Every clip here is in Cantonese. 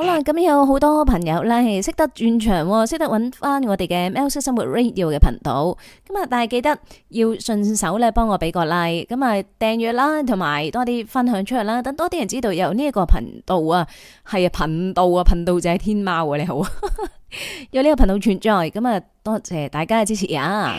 好啦，咁有好多朋友咧，識得轉場、哦，識得搵翻我哋嘅 m e l r s e 生活 Radio 嘅頻道。咁啊，但係記得要順手咧，幫我俾個 like，咁啊訂閱啦，同埋多啲分享出去啦，等多啲人知道有呢一個頻道啊，係啊頻道啊，頻道就喺天貓啊，你好， 有呢個頻道存在，咁啊多謝大家嘅支持啊！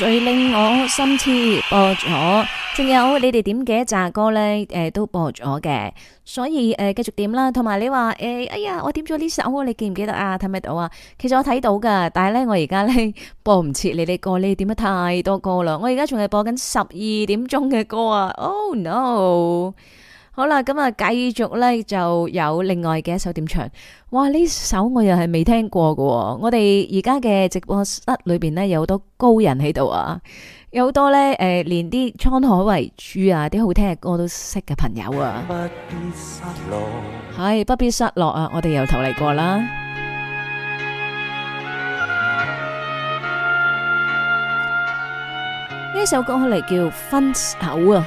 誰令我心切，播咗，仲有你哋點嘅一扎歌咧？誒，都播咗嘅，所以誒，繼、呃、續點啦。同埋你話誒、欸，哎呀，我點咗呢首，你記唔記得啊？睇唔睇到啊？其實我睇到噶，但係咧，我而家咧播唔切你啲歌，你點咗太多歌啦。我而家仲係播緊十二點鐘嘅歌啊！Oh no！好啦，咁啊，繼續咧就有另外嘅一首點唱，哇！呢首我又係未聽過噶、哦。我哋而家嘅直播室裏邊呢，有好多高人喺度啊，有好多咧誒、呃，連啲滄海遺珠啊，啲好聽嘅歌都識嘅朋友啊。係不必失落，必失落啊！我哋由頭嚟過啦。呢 首歌嚟，叫分手啊。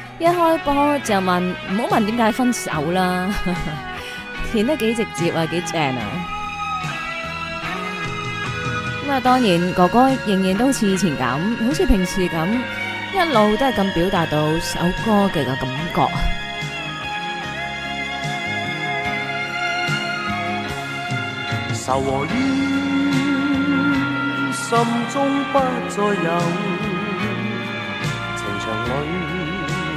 一開波就問唔好問點解分手啦，顯得幾直接啊，幾正啊！咁啊，當然哥哥仍然都好似以前咁，好似平時咁，一路都係咁表達到首歌嘅個感覺啊！愁和怨，心中不再有，情場裏。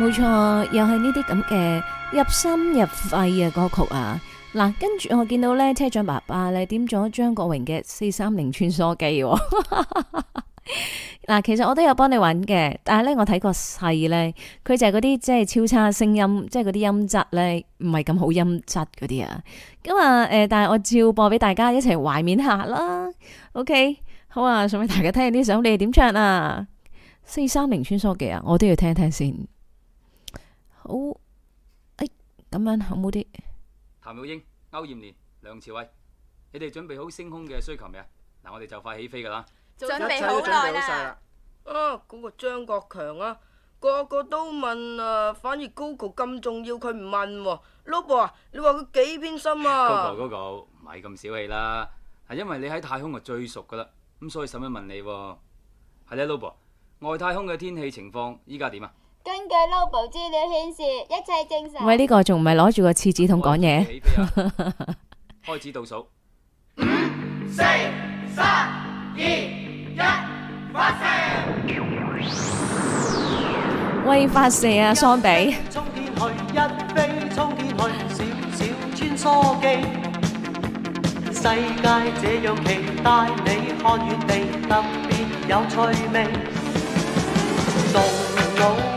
冇錯，又係呢啲咁嘅入心入肺嘅歌曲啊嗱，跟住，啊，我見到咧車長爸爸咧點咗張國榮嘅《四三零穿梭機》哦，嗱、 啊，其實我都有幫你揾嘅，但係咧我睇個細咧，佢就係嗰啲即係超差聲音，即係嗰啲音質咧唔係咁好音質嗰啲啊咁啊誒，但係我照播俾大家一齊懷緬下啦，OK 好啊，送俾大家聽啲相，你哋點唱啊《四三零穿梭機》啊，我都要聽一聽先。好、哦，哎，咁樣好冇啲。譚玉瑛、歐艷蓮、梁朝偉，你哋準備好升空嘅需求未啊？嗱，我哋就快起飛噶啦，準備好啦。啊，嗰、哦那個張國強啊，個個都問啊，反而高局咁重要，佢唔問喎、啊。o 伯啊，你話佢幾偏心啊？高 g 高局唔係咁小氣啦，係因為你喺太空就最熟噶啦，咁所以首先問你、啊，係咧，盧 o、啊、外太空嘅天氣情況依家點啊？根據 local 資料顯示，一切正常。喂，呢個仲唔係攞住個廁紙筒講嘢？開始倒數，五、四、三、二、一，發射！喂，發射啊，喪比！充電去，一飛沖天去，小小穿梭機，世界這樣期待，你看遠地特別有趣味。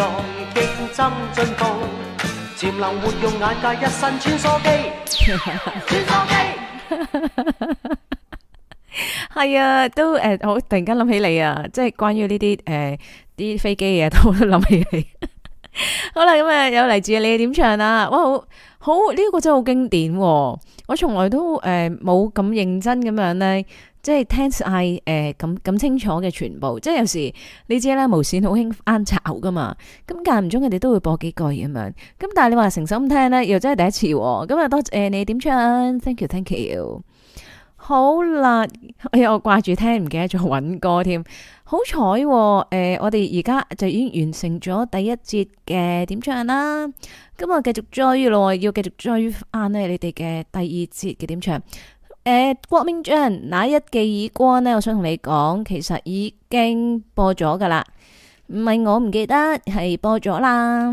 在競爭進步，潛能活用眼界，一身穿梭機，穿梭機，係 啊，都誒，好、呃、突然間諗起你啊，即係關於呢啲誒啲飛機嘅嘢都諗起你。 好啦，咁啊，有嚟自你點唱啊？哇，好，好呢、呢個真係好經典，啊，我從來都誒冇咁認真咁樣咧。即係聽晒誒咁咁清楚嘅全部，即係有時你知咧無線好興翻炒噶嘛，咁間唔中佢哋都會播幾句咁樣，咁但係你話誠心聽咧又真係第一次，咁、嗯、啊多謝你點唱 ，thank you thank you，好啦，我掛住聽，唔記得做搵歌添，好彩、啊、誒、呃，我哋而家就已經完成咗第一節嘅點唱啦，咁啊繼續追咯，要繼續追翻咧你哋嘅第二節嘅點唱。誒、欸，郭明章，那一記耳光呢？我想同你講，其實已經播咗噶啦，唔係我唔記得，係播咗啦。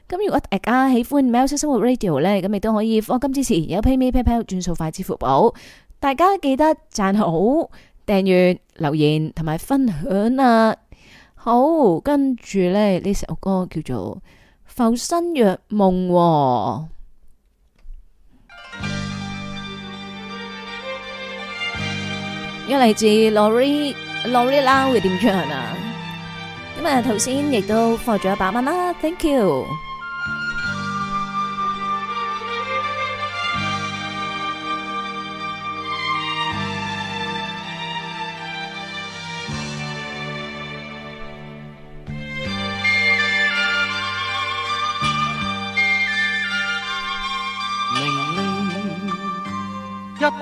咁如果大家喜歡《喵式生活 Radio》咧，咁亦都可以放金支持，哦、今次有 PayMe、PayPal、轉數快、支付寶，大家記得讚好、訂閱、留言同埋分享啊！好，跟住咧呢首歌叫做《浮生若夢》喔，一嚟 自 Lori Lori Lau 會點唱啊！咁啊頭先亦都放咗一百蚊啦，thank you。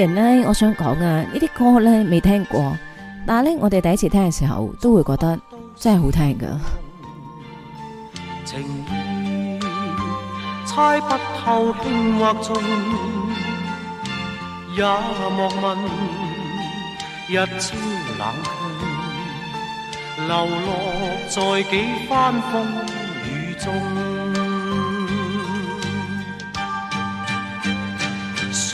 人呢，我想講啊，呢啲歌呢未聽過，但係咧，我哋第一次聽嘅時候都會覺得真係好聽噶。情意猜不透，輕或重，也莫問，一朝冷清，流落在幾番風雨中。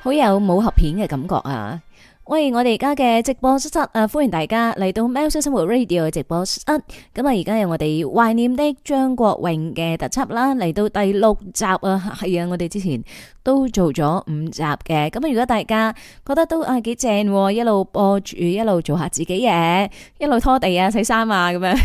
好有武俠片嘅感覺啊！喂，我哋而家嘅直播室啊，歡迎大家嚟到喵式生活 radio 嘅直播室。咁啊，而家有我哋懷念的張國榮嘅特輯啦，嚟到第六集啊，係啊，我哋之前都做咗五集嘅。咁啊，如果大家覺得都啊幾正，一路播住，一路做下自己嘢，一路拖地啊，洗衫啊，咁樣。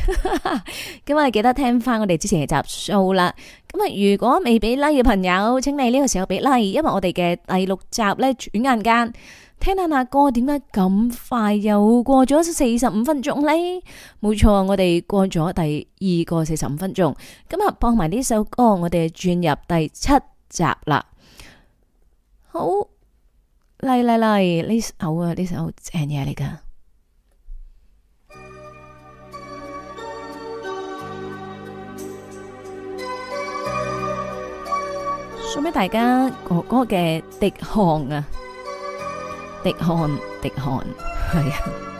咁啊，記得聽翻我哋之前嘅集數啦。咁啊！如果未俾 like 嘅朋友，請你呢個時候俾 like，因為我哋嘅第六集咧，轉眼間聽下阿哥，點解咁快又過咗四十五分鐘咧？冇錯，我哋過咗第二個四十五分鐘，今日播埋呢首歌，我哋轉入第七集啦。好，嚟嚟嚟，呢首啊，呢首正嘢嚟噶。咩？大家哥哥嘅滴汗啊，滴汗滴汗，係啊！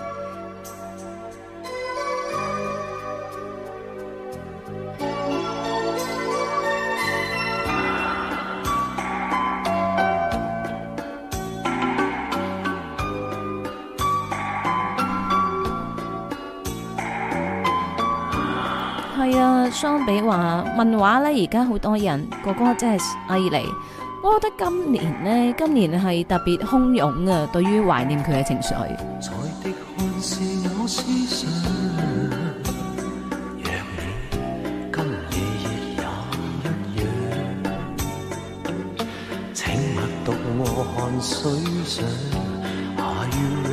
係啊，相比話問話咧，而家好多人哥哥真係愛嚟。我覺得今年呢，今年係特別洶湧啊，對於懷念佢嘅情緒。彩的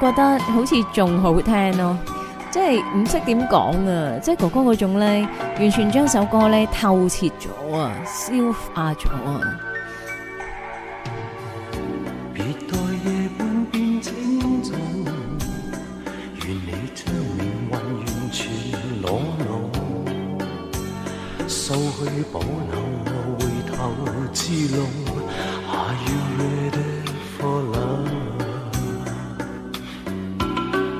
覺得好似仲好聽咯、哦，即係唔識點講啊！即係哥哥嗰種咧，完全將首歌咧透徹咗啊，消化咗啊！別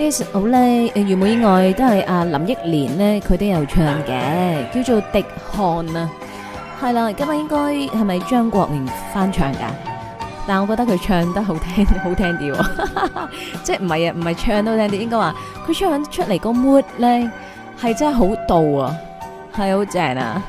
呢首咧，原本以外都係阿林憶蓮咧，佢都有唱嘅，叫做《滴汗》啊。係啦，今日應該係咪張國榮翻唱㗎？但係，我覺得佢唱得好聽，好聽啲，即係唔係啊？唔係唱得好聽啲，應該話佢唱緊出嚟個 mood 咧係真係好到啊，係好正啊！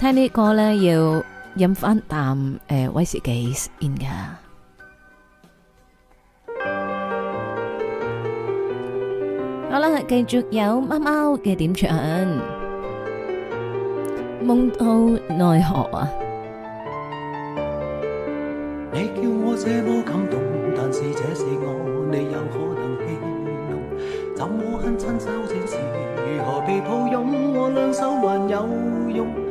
聽個呢歌咧，要飲翻啖威士忌先㗎。好啦，繼續有貓貓嘅點唱，《夢到內河》啊。你叫我這麼感動，但是這是我，你有可能棄弄？怎可恨親手證實？如何被抱擁？我兩手還有用？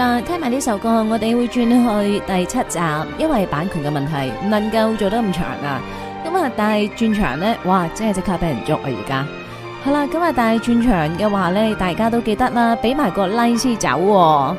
啊、聽埋呢首歌，我哋會轉去第七集，因為版權嘅問題，唔能夠做得咁長啦。咁啊，大轉場呢，哇，真係即刻俾人捉啊！而家，好啦，咁啊，大轉場嘅話呢，大家都記得啦，俾埋個 like 先走。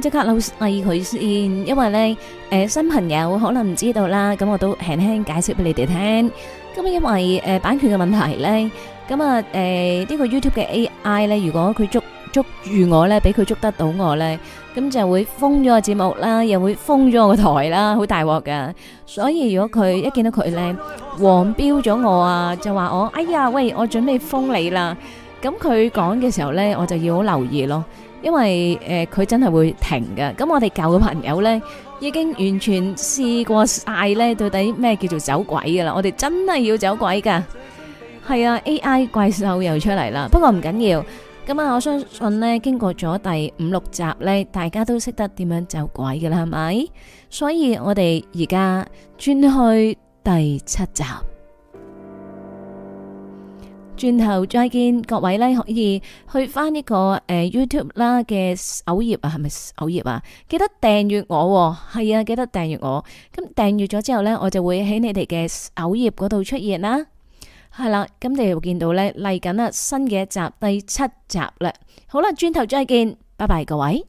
即刻鬧佢先，因為咧，誒、呃，新朋友可能唔知道啦，咁我都輕輕解釋俾你哋聽。咁因為誒、呃、版權嘅問題咧，咁啊誒、呃這個、呢個 YouTube 嘅 AI 咧，如果佢捉捉住我咧，俾佢捉得到我咧，咁就會封咗個節目啦，又會封咗我個台啦，好大鑊噶。所以如果佢一見到佢咧，黃標咗我啊，就話我，哎呀，喂，我準備封你啦。咁佢講嘅時候呢，我就要好留意咯，因為誒佢、呃、真係會停㗎。咁我哋舊嘅朋友呢，已經完全試過晒呢到底咩叫做走鬼噶啦。我哋真係要走鬼噶，係啊！AI 怪獸又出嚟啦，不過唔緊要。咁啊，我相信呢，經過咗第五六集呢，大家都識得點樣走鬼噶啦，係咪？所以我哋而家轉去第七集。轉頭再見，各位咧可以去翻，這、呢個誒、呃、YouTube 啦嘅首頁啊，係咪首頁啊？記得訂閱我、哦，係啊，記得訂閱我。咁訂閱咗之後咧，我就會喺你哋嘅首頁嗰度出現啦。係啦，咁你又見到咧，嚟緊啦新嘅一集第七集啦。好啦，轉頭再見，拜拜各位。